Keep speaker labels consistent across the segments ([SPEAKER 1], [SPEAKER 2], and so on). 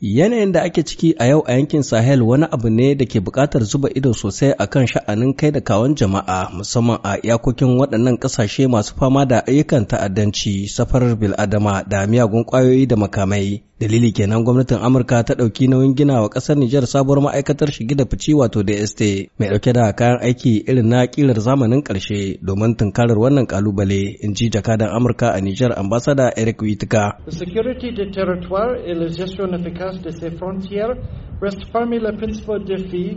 [SPEAKER 1] Yanayin da ake ciki a yau a yankin Sahel wani abu ne da ke buƙatar zuba ido sosai a kan sha'anin kai da kawon jama'a musamman a iyakokin waɗannan ƙasashe masu fama da ayyukan ta'addanci, safarar bil'adama da miyagun ƙwayoyi da makamai. Dalili kenan gwamnatin Amurka ta ɗauki nauyin gina wa ƙasar Nijar sabuwar ma'aikatar shige da fici wato DST mai ɗauke da kayan aiki irin na ƙilar zamanin ƙarshe domin tunkarar wannan ƙalubale in ji jakadan Amurka a Nijar ambasada Eric Witika.
[SPEAKER 2] large de ses frontières reste parmi les principaux défis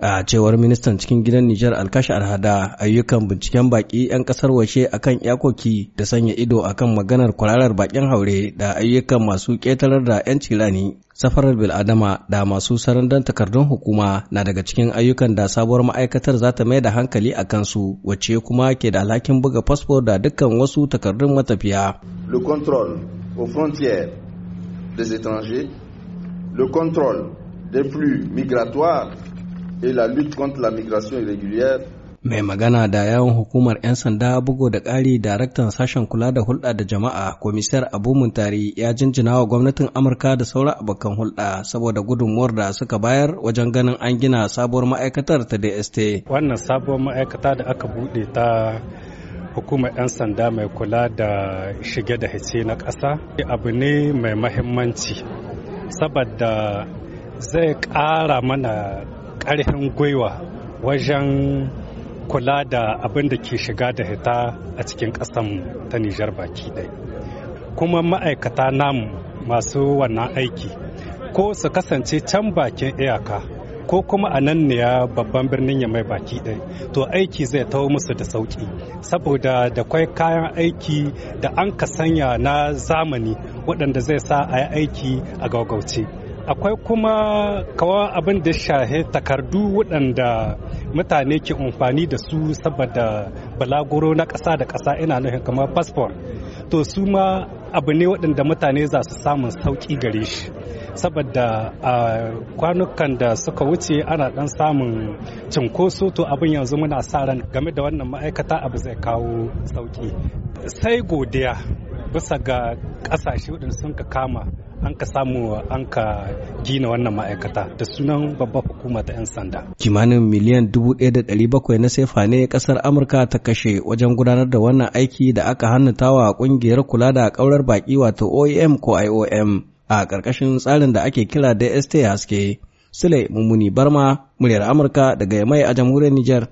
[SPEAKER 1] A cewar ministan cikin gidan Nijar Alkashi Arhada ayyukan binciken baki 'yan kasar waje akan yakoki da sanya ido akan maganar kwararar bakin haure da ayyukan masu ƙetarar da 'yan cirani safarar bil'adama da masu sarandan takardun hukuma na daga cikin ayyukan da sabuwar ma'aikatar za ta mai da hankali a kansu wacce kuma ke da alhakin buga fasfo da dukkan wasu takardun matafiya. Le control aux frontières des étrangers, le contrôle des flux migratoires et la lutte contre la migration irrégulière mai magana da yawon hukumar 'yan sanda bugu da ƙari daraktan sashen kula da hulɗa da jama'a komisar abu muntari ya jinjina wa gwamnatin amurka da sauran abokan hulɗa saboda gudunmuwar da suka bayar wajen ganin an gina sabuwar ma'aikatar ta dst
[SPEAKER 2] wannan sabuwar ma'aikata da aka buɗe ta hukumar 'yan sanda mai kula da shige da hice na ƙasa abu ne mai mahimmanci saboda zai ƙara mana ƙarfin gwiwa wajen kula da abin da ke shiga da hita a cikin ƙasan ta nijar baki ɗai kuma ma'aikata namu masu wannan aiki ko su kasance can bakin iyaka ko kuma a nan ne ya babban birnin ya mai baki ɗaya to aiki zai taho musu da sauki saboda da kwai kayan aiki da an ka sanya na zamani waɗanda zai sa a yi aiki a gaugauce akwai kuma kawa abin da shahe takardu waɗanda mutane ke amfani da su saboda balaguro na ƙasa da ƙasa ina nufin kamar fasfor to su ma abu ne waɗanda mutane za su samun sauƙi gare shi saboda a kwanukan da suka wuce ana dan samun cinkoso to abin yanzu muna sa ran game da wannan ma'aikata abu zai kawo sauki sai godiya bisa ga ƙasashe waɗanda sun ka kama an ka samu an ka gina wannan ma'aikata da sunan babbar hukuma ta 'yan sanda.
[SPEAKER 1] Kimanin miliyan 1,700 na sefa ne kasar Amurka ta kashe wajen gudanar da wannan aiki da aka hannutawa kungiyar kula da kaurar baki wato OEM ko IOM. a ƙarƙashin tsarin da ake kira DST haske. Sule Mummuni Barma, muryar Amurka daga Yamai a jamhuriyar Nijar.